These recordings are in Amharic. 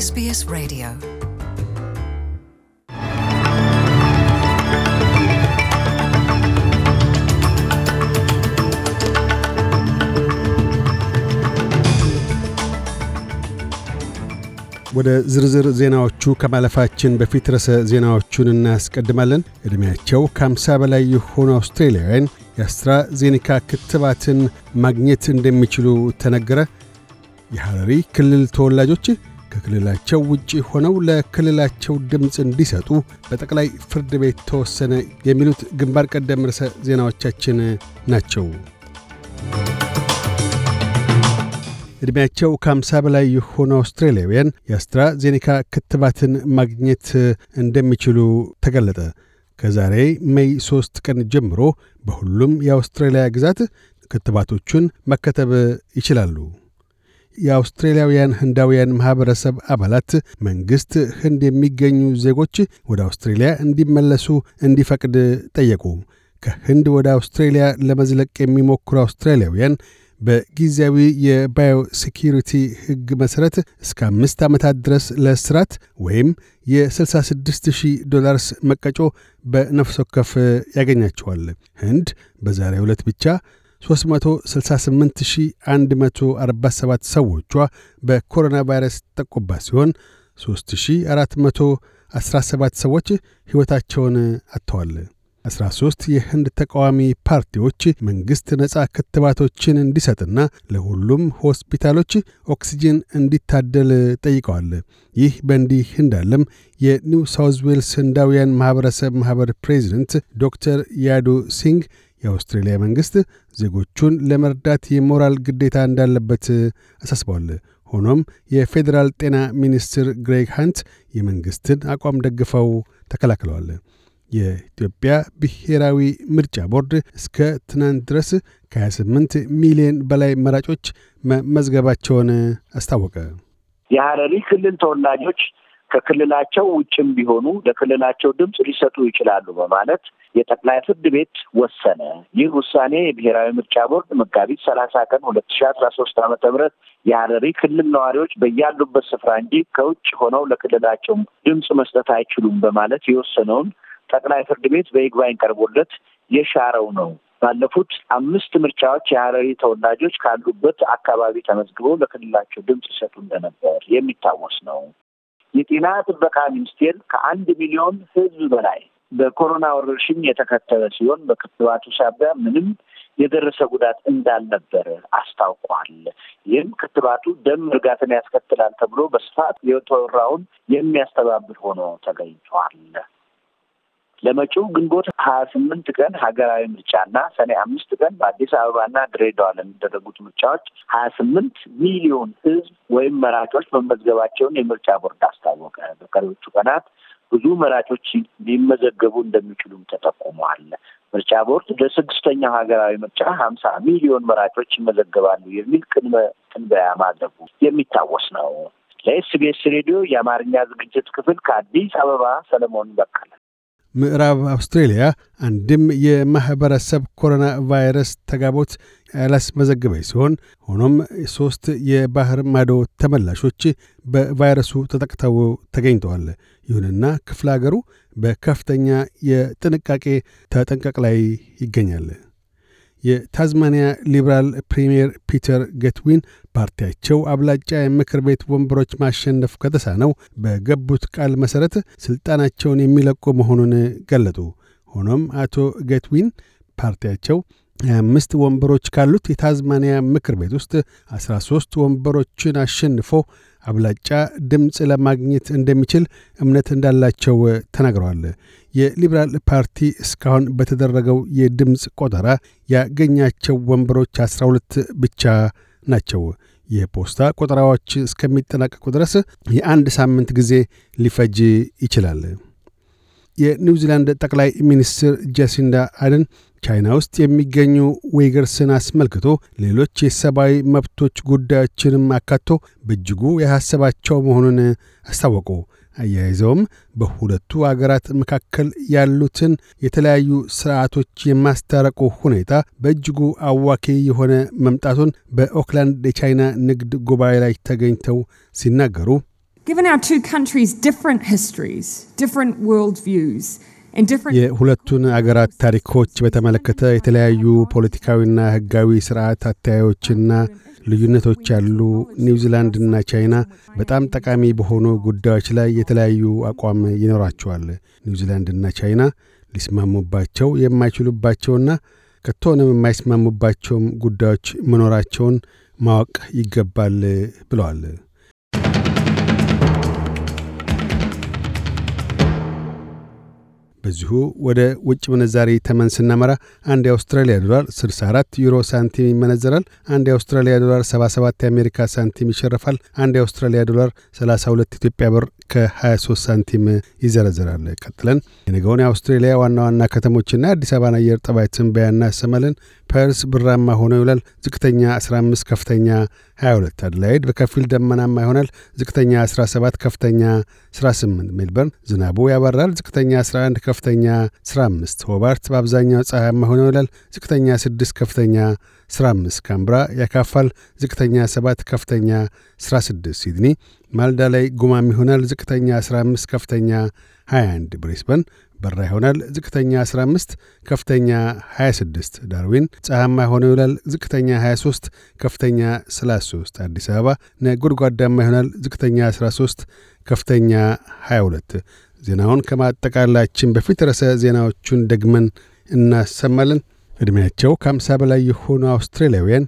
SBS Radio ወደ ዝርዝር ዜናዎቹ ከማለፋችን በፊት ርዕሰ ዜናዎቹን እናስቀድማለን። ዕድሜያቸው ከ50 በላይ የሆኑ አውስትራሊያውያን ዜኒካ ክትባትን ማግኘት እንደሚችሉ ተነገረ። የሐረሪ ክልል ተወላጆች ከክልላቸው ውጪ ሆነው ለክልላቸው ድምፅ እንዲሰጡ በጠቅላይ ፍርድ ቤት ተወሰነ። የሚሉት ግንባር ቀደም ርዕሰ ዜናዎቻችን ናቸው። ዕድሜያቸው ከ50 በላይ የሆኑ አውስትራሊያውያን ዜኔካ ክትባትን ማግኘት እንደሚችሉ ተገለጠ። ከዛሬ ሜይ 3 ቀን ጀምሮ በሁሉም የአውስትራሊያ ግዛት ክትባቶቹን መከተብ ይችላሉ። የአውስትሬልያውያን ህንዳውያን ማኅበረሰብ አባላት መንግሥት ህንድ የሚገኙ ዜጎች ወደ አውስትሬልያ እንዲመለሱ እንዲፈቅድ ጠየቁ። ከህንድ ወደ አውስትሬልያ ለመዝለቅ የሚሞክሩ አውስትራሊያውያን በጊዜያዊ የባዮሴኪሪቲ ሕግ መሠረት እስከ አምስት ዓመታት ድረስ ለእስራት ወይም የ66,000 ዶላርስ መቀጮ በነፍስ ወከፍ ያገኛቸዋል። ህንድ በዛሬ ዕለት ብቻ 368147 ሰዎቿ በኮሮና ቫይረስ ተጠቁባ ሲሆን 3417 ሰዎች ሕይወታቸውን አጥተዋል። 13 የህንድ ተቃዋሚ ፓርቲዎች መንግሥት ነፃ ክትባቶችን እንዲሰጥና ለሁሉም ሆስፒታሎች ኦክሲጅን እንዲታደል ጠይቀዋል። ይህ በእንዲህ እንዳለም የኒው ሳውዝ ዌልስ ህንዳውያን ማኅበረሰብ ማኅበር ፕሬዚደንት ዶክተር ያዱ ሲንግ የአውስትሬልያ መንግሥት ዜጎቹን ለመርዳት የሞራል ግዴታ እንዳለበት አሳስበዋል። ሆኖም የፌዴራል ጤና ሚኒስትር ግሬግ ሃንት የመንግሥትን አቋም ደግፈው ተከላክለዋል። የኢትዮጵያ ብሔራዊ ምርጫ ቦርድ እስከ ትናንት ድረስ ከ28 ሚሊዮን በላይ መራጮች መመዝገባቸውን አስታወቀ። የሐረሪ ክልል ተወላጆች ከክልላቸው ውጭም ቢሆኑ ለክልላቸው ድምፅ ሊሰጡ ይችላሉ በማለት የጠቅላይ ፍርድ ቤት ወሰነ። ይህ ውሳኔ የብሔራዊ ምርጫ ቦርድ መጋቢት ሰላሳ ቀን ሁለት ሺ አስራ ሶስት ዓመተ ምህረት የሀረሪ ክልል ነዋሪዎች በያሉበት ስፍራ እንጂ ከውጭ ሆነው ለክልላቸው ድምፅ መስጠት አይችሉም በማለት የወሰነውን ጠቅላይ ፍርድ ቤት በይግባኝ ቀርቦለት የሻረው ነው። ባለፉት አምስት ምርጫዎች የሀረሪ ተወላጆች ካሉበት አካባቢ ተመዝግበው ለክልላቸው ድምፅ ይሰጡ እንደነበር የሚታወስ ነው። የጤና ጥበቃ ሚኒስቴር ከአንድ ሚሊዮን ህዝብ በላይ በኮሮና ወረርሽኝ የተከተለ ሲሆን በክትባቱ ሳቢያ ምንም የደረሰ ጉዳት እንዳልነበረ አስታውቋል። ይህም ክትባቱ ደም እርጋትን ያስከትላል ተብሎ በስፋት የተወራውን የሚያስተባብል ሆኖ ተገኝቷል። ለመጪው ግንቦት ሀያ ስምንት ቀን ሀገራዊ ምርጫና ሰኔ አምስት ቀን በአዲስ አበባና ድሬዳዋ ለሚደረጉት ምርጫዎች ሀያ ስምንት ሚሊዮን ህዝብ ወይም መራጮች መመዝገባቸውን የምርጫ ቦርድ አስታወቀ። በቀሪዎቹ ቀናት ብዙ መራጮች ሊመዘገቡ እንደሚችሉም ተጠቁመዋል። ምርጫ ቦርድ ለስድስተኛው ሀገራዊ ምርጫ ሀምሳ ሚሊዮን መራጮች ይመዘገባሉ የሚል ቅድመ ትንበያ ማድረጉ የሚታወስ ነው። ለኤስቢኤስ ሬዲዮ የአማርኛ ዝግጅት ክፍል ከአዲስ አበባ ሰለሞን በቃል ምዕራብ አውስትሬልያ አንድም የማኅበረሰብ ኮሮና ቫይረስ ተጋቦት ያላስመዘገበች ሲሆን ሆኖም ሦስት የባህር ማዶ ተመላሾች በቫይረሱ ተጠቅተው ተገኝተዋል። ይሁንና ክፍለ አገሩ በከፍተኛ የጥንቃቄ ተጠንቀቅ ላይ ይገኛል። የታዝማኒያ ሊብራል ፕሪምየር ፒተር ገትዊን ፓርቲያቸው አብላጫ የምክር ቤት ወንበሮች ማሸነፍ ከተሳነው በገቡት ቃል መሠረት ሥልጣናቸውን የሚለቁ መሆኑን ገለጡ። ሆኖም አቶ ገትዊን ፓርቲያቸው አምስት ወንበሮች ካሉት የታዝማኒያ ምክር ቤት ውስጥ አስራ ወንበሮችን አሸንፎ አብላጫ ድምፅ ለማግኘት እንደሚችል እምነት እንዳላቸው ተናግረዋል። የሊበራል ፓርቲ እስካሁን በተደረገው የድምፅ ቆጠራ ያገኛቸው ወንበሮች 12 ብቻ ናቸው። የፖስታ ቆጠራዎች እስከሚጠናቀቁ ድረስ የአንድ ሳምንት ጊዜ ሊፈጅ ይችላል። የኒውዚላንድ ጠቅላይ ሚኒስትር ጃሲንዳ አደን ቻይና ውስጥ የሚገኙ ዌይገርስን አስመልክቶ ሌሎች የሰብአዊ መብቶች ጉዳዮችንም አካቶ በእጅጉ ያሳሰባቸው መሆኑን አስታወቁ። አያይዘውም በሁለቱ አገራት መካከል ያሉትን የተለያዩ ስርዓቶች የማስታረቁ ሁኔታ በእጅጉ አዋኪ የሆነ መምጣቱን በኦክላንድ የቻይና ንግድ ጉባኤ ላይ ተገኝተው ሲናገሩ የሁለቱን አገራት ታሪኮች በተመለከተ የተለያዩ ፖለቲካዊና ሕጋዊ ሥርዓት አተያዮችና ልዩነቶች ያሉ ኒውዚላንድና ቻይና በጣም ጠቃሚ በሆኑ ጉዳዮች ላይ የተለያዩ አቋም ይኖራቸዋል። ኒውዚላንድና ቻይና ሊስማሙባቸው የማይችሉባቸውና ከቶንም የማይስማሙባቸውም ጉዳዮች መኖራቸውን ማወቅ ይገባል ብለዋል። በዚሁ ወደ ውጭ ምንዛሪ ተመን ስናመራ አንድ የአውስትራሊያ ዶላር 64 ዩሮ ሳንቲም ይመነዘራል። አንድ የአውስትራሊያ ዶላር 77 የአሜሪካ ሳንቲም ይሸርፋል። አንድ የአውስትራሊያ ዶላር 32 ኢትዮጵያ ብር ከ23 ሳንቲም ይዘረዝራል። ቀጥለን የነገውን የአውስትሬሊያ ዋና ዋና ከተሞችና የአዲስ አበባን አየር ጠባይ ትንበያ እናሰማለን። ፐርስ ብራማ ሆኖ ይውላል። ዝቅተኛ 15፣ ከፍተኛ 22። አድላይድ በከፊል ደመናማ ይሆናል። ዝቅተኛ 17፣ ከፍተኛ 18። ሜልበርን ዝናቡ ያበራል። ዝቅተኛ 11፣ ከፍተኛ 15። ሆባርት በአብዛኛው ፀሐያማ ሆኖ ይውላል። ዝቅተኛ 6፣ ከፍተኛ ስራ አምስት ካምብራ ያካፋል። ዝቅተኛ ሰባት ከፍተኛ ስድስት ሲድኒ ማልዳ ላይ ጉማም ይሆናል። ዝቅተኛ 15 ከፍተኛ 21 ብሬስበን በራ ይሆናል። ዝቅተኛ 15 ከፍተኛ 26 ዳርዊን ፀሐማ ሆኖ ይውላል። ዝቅተኛ 23 ከፍተኛ 33 አዲስ አበባ ነጎድጓዳማ ይሆናል። ዝቅተኛ 13 ከፍተኛ 22 ዜናውን ከማጠቃላችን በፊት ርዕሰ ዜናዎቹን ደግመን እናሰማለን። ዕድሜያቸው ከ በላይ የሆኑ አውስትራሊያውያን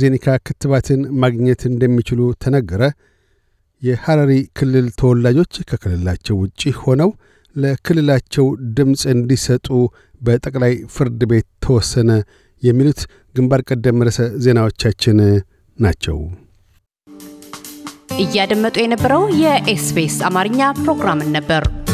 ዜኒካ ክትባትን ማግኘት እንደሚችሉ ተነገረ። የሐረሪ ክልል ተወላጆች ከክልላቸው ውጪ ሆነው ለክልላቸው ድምፅ እንዲሰጡ በጠቅላይ ፍርድ ቤት ተወሰነ። የሚሉት ግንባር ቀደም ርዕሰ ዜናዎቻችን ናቸው። እያደመጡ የነበረው የኤስቢኤስ አማርኛ ፕሮግራምን ነበር።